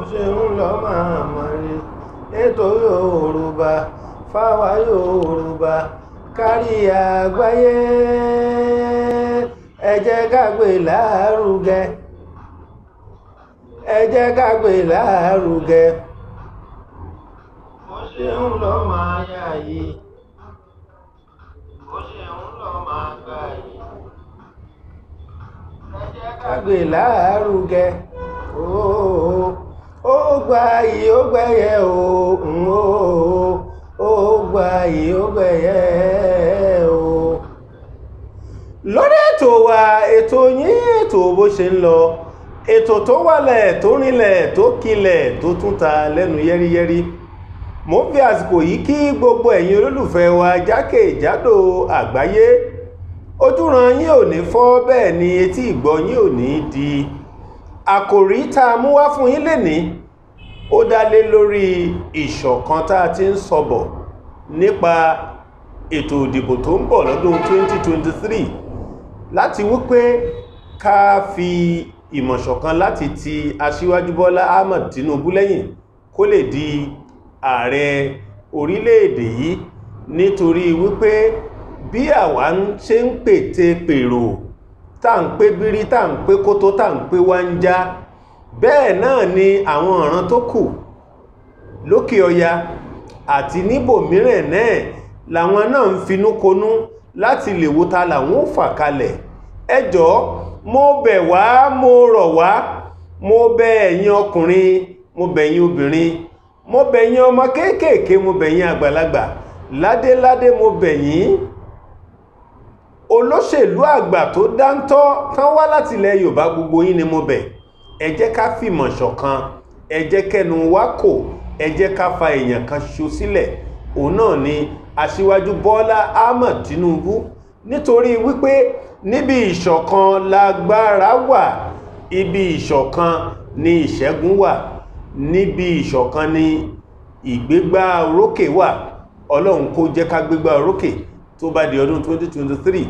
mo ṣe ń lọ máa mọ̀ rí ètò Yorùbá fáwa Yorùbá kárí àgbáyé ẹ jẹ́ ká gbé lárugẹ ẹ jẹ́ ká gbé lárugẹ mo ṣe ń lọ máa yá yìí mo ṣe ń gba yìí ó gbẹ̀yẹ o o gba yìí ó gbẹ̀yẹ o. lórí ètò wa ètò yín ètò bó ṣe ń lọ ètò tó wálẹ̀ tó rinlẹ̀ tó kilẹ̀ tó tún ta lẹ́nu yẹ́rìyẹ́rì mo ń fi àsìkò yìí kí gbogbo ẹ̀yin olólùfẹ́ wa jákèjádò àgbáyé ojúran yín ò ní fọ́ bẹ́ẹ̀ ni etí ìgbọ́ yín ò ní di àkòrí tá a mú wá fún yín lénìí ó dálé lórí ìṣọ̀kan tá a ti ń sọ̀bọ̀ nípa ètò ìdìbò tó ń bọ̀ lọ́dún 2023 láti wípé ká fi ìmọ̀ṣọ̀kan láti ti aṣíwájú Bọ́lá Ahmed Tinubu lẹ́yìn kó lè di ààrẹ orílẹ̀-èdè yìí nítorí wípé bí àwa ń ṣe ń pète pèrò tá ń pé bírí tá ń pé kótó tá ń pé wá ń já bẹ́ẹ̀ náà ni àwọn ọ̀ràn tó kù lókè ọya àti níbòmíràn náà làwọn náà ń finúkonú láti lè wo ta làwọn ó fà kalẹ̀ ẹjọ́ mo bẹ̀ wá mo rọ̀ wá mo bẹ̀ ẹ̀yin ọkùnrin mo bẹ̀yin obìnrin mo bẹ̀yin ọmọ kéékèèké mo bẹ̀yin àgbàlagbà ládéládé mo bẹ̀yin olóṣèlú àgbà tó dáńtọ́ tán wá láti ilẹ̀ Yorùbá gbogbo yín ni mo bẹ̀ ẹ jẹ́ ká fìmọ̀ ṣọ̀kan ẹ jẹ́ kẹnu wa kò ẹ jẹ́ ká fa èèyàn kan ṣo sílẹ̀ òun náà ni aṣíwájú Bọ́lá Ahmed Tinubu nítorí wípé níbi ìṣọ̀kan lágbára wà ibi ìṣọ̀kan ni ìṣẹ́gun wà níbi ìṣọ̀kan ni ìgbégbá orókè wà ọlọ́run kó jẹ́ ká gbégbá orókè tó bá di ọdún 2023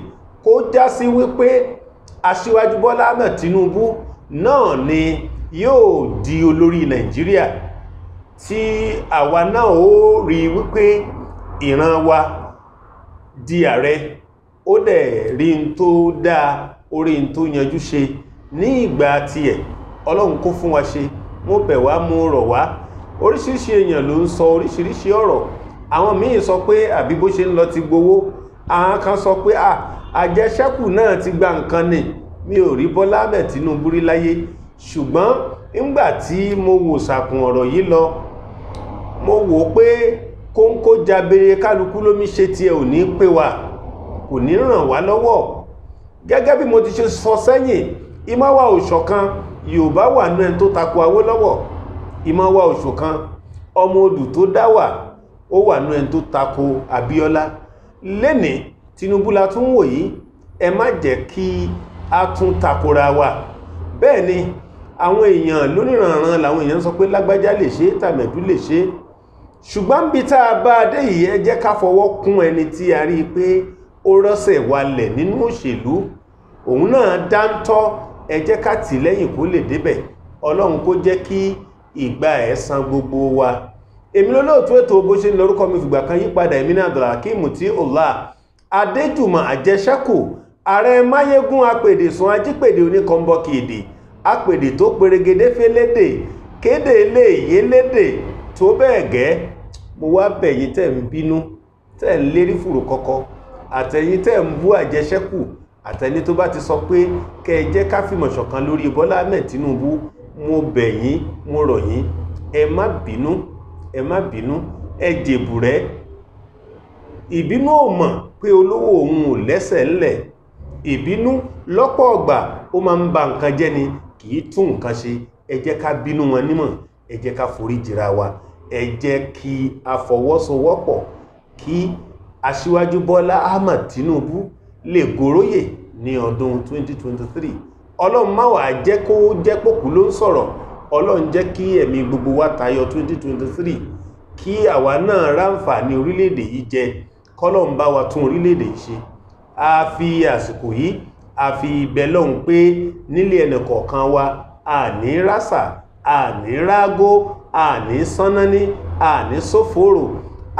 kó já sí wípé aṣíwájú Bọ́lá Ahmed Tinubu náà ni yóò di olórí Nàìjíríà tí àwa náà ó rí wípé ìran wa di ààrẹ ó dẹ̀ rí n tó dáa orí n tó yanjú ṣe ní ìgbà tiẹ̀ ọlọ́run kó fún wa ṣe mo bẹ̀ wá mo rọ̀ wá oríṣiríṣi èèyàn ló ń sọ oríṣiríṣi ọ̀rọ̀ àwọn míì sọ pé àbí bó ṣe ń lọ ti gbowó àwọn kan sọ pé à àjẹṣẹ́kù náà ti gba nǹkan ni mi ò rí Bọ́lá Ahmed Tinubu rí láyé ṣùgbọ́n nígbà tí mo wò sàkùn ọ̀rọ̀ yìí lọ mo wò pé kóńkó jabere kálukú lómi ṣe ti ẹ̀ ò ní pé wa kò ní ràn wá lọ́wọ́ gẹ́gẹ́ bí mo ti ṣe sọ sẹ́yìn ìmọ̀wà òṣọ̀kan Yorùbá wà ní ẹni tó tako Awólọ́wọ̀ ìmọ̀wà òṣọ̀kan ọmọ odù tó dáwà ó wà ní ẹni tó tako Abíọ́lá lẹ́ni Tinubu la tún wò yìí ẹ má jẹ́ kí a tún takora wa bẹ́ẹ̀ ni àwọn èèyàn lóníranran làwọn èèyàn sọ pé lágbájá lè ṣe tàmẹ̀dú lè ṣe ṣùgbọ́n bí tá a bá dé yìí ẹ jẹ́ ká fọwọ́ kún ẹni tí a rí pé ó rọ́sẹ̀ walẹ̀ nínú òṣèlú òun náà dáńtọ́ ẹ jẹ́ ká tì kó lè débẹ̀ ọlọ́run kó jẹ́ kí ìgbà ẹ̀ san gbogbo wa èmi lólóòtú ètò bó ṣe ń lórúkọ mi fìgbà kan yípadà èmi náà Abdulhakeem tí Allah Adéjùmọ̀ Àjẹṣẹ́kù ààrẹ máyégún apèdè sún ajípèdè oníkọmbọkì èdè apèdè tó perégedé félédè kéde ilé lédè tó bẹ́ẹ̀ gẹ́ mo wá bẹ̀yìn tẹ́ ń bínú tẹ́ ń lérí fùrù kọ́kọ́ àtẹ̀yìn tẹ́ ń bú àjẹṣẹ́kù àtẹni tó bá ti sọ pé kẹ́ jẹ́ ká fìmọ̀ ṣọ̀kan lórí Bọ́lá Ahmed Tinubu mo bẹ̀yìn mo rọ̀ yín ẹ má bínú ẹ má bínú ẹ jèbù rẹ ìbínú ò mọ̀ pé olówó òun ò lẹ́sẹ̀ ńlẹ̀ ìbínú lọ́pọ̀ ọgbà ó máa ń ba nǹkan jẹ́ ni kì í tún nǹkan ṣe ẹ jẹ́ ká bínú wọn nímọ̀ ẹ jẹ́ ká forí jìra wa ẹ jẹ́ kí a fọwọ́sowọ́pọ̀ kí aṣíwájú Bọ́lá Ahmed Tinubu lè goróyè ní ọdún 2023 ọlọ́run má wàá jẹ́ kó jẹ́ pòkú ló ń sọ̀rọ̀ ọlọ́run jẹ́ kí ẹ̀mí gbogbo wa tayọ 2023 kí àwa náà ráǹfà ní orílẹ̀-èdè yìí jẹ kọ́lọ́run bá wa tún orílẹ̀-èdè yìí ṣe a fi àsìkò yìí a fi ibẹ̀ lọ́hun pé nílé ẹnìkọ̀ọ̀kan wa a ní rásà a ní rágó a ní sánání a ní sófòrò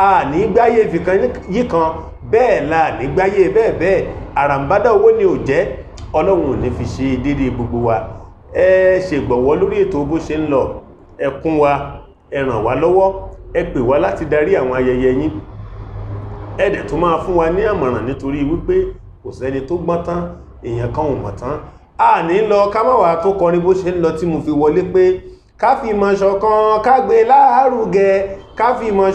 a ní gbáyé ìfìkan yíkan bẹ́ẹ̀ la ní gbáyé bẹ́ẹ̀ bẹ́ẹ̀ àràmbádà owó ni ò jẹ́ ọlọ́run ò ní fi ṣe dédé gbogbo wa ẹ ṣègbọ̀wọ́ lórí ètò bó ṣe ń lọ ẹ kún wa ẹ ràn wá lọ́wọ́ ẹ pè wá láti darí àwọn ayẹyẹ yín ẹ̀dẹ̀ tó máa fún wa ní àmọ̀ràn nítorí wípé kò sẹ́ni tó gbọ́n tán èèyàn kan ò mọ̀ a ní lọ ká tó kọrin bó ṣe ń lọ tí mo fi wọlé pé ká fi mọ̀ ṣọ̀kan ká gbé láàrúgẹ ká fi mọ̀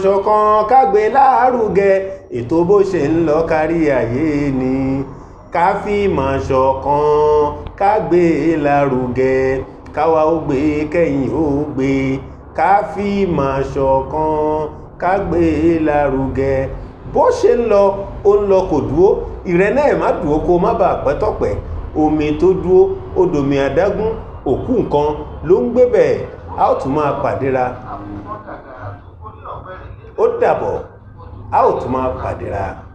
ètò bó ṣe ń lọ kárí ayé ni ká fi mọ̀ ṣọ̀kan ká káwa ó gbé kẹ́yìn ó gbé ká fi mọ̀ ṣọ̀kan ká bó ṣe ń lọ ó ń lọ kò dúó ìrẹ́ náà má dúó kó má bàa pẹ́tọ̀pẹ́ omi tó dúó odòmí adágún òkú nǹkan ló ń gbé a ó tún máa pàdéra ó dàbọ̀ a ó tún máa pàdéra.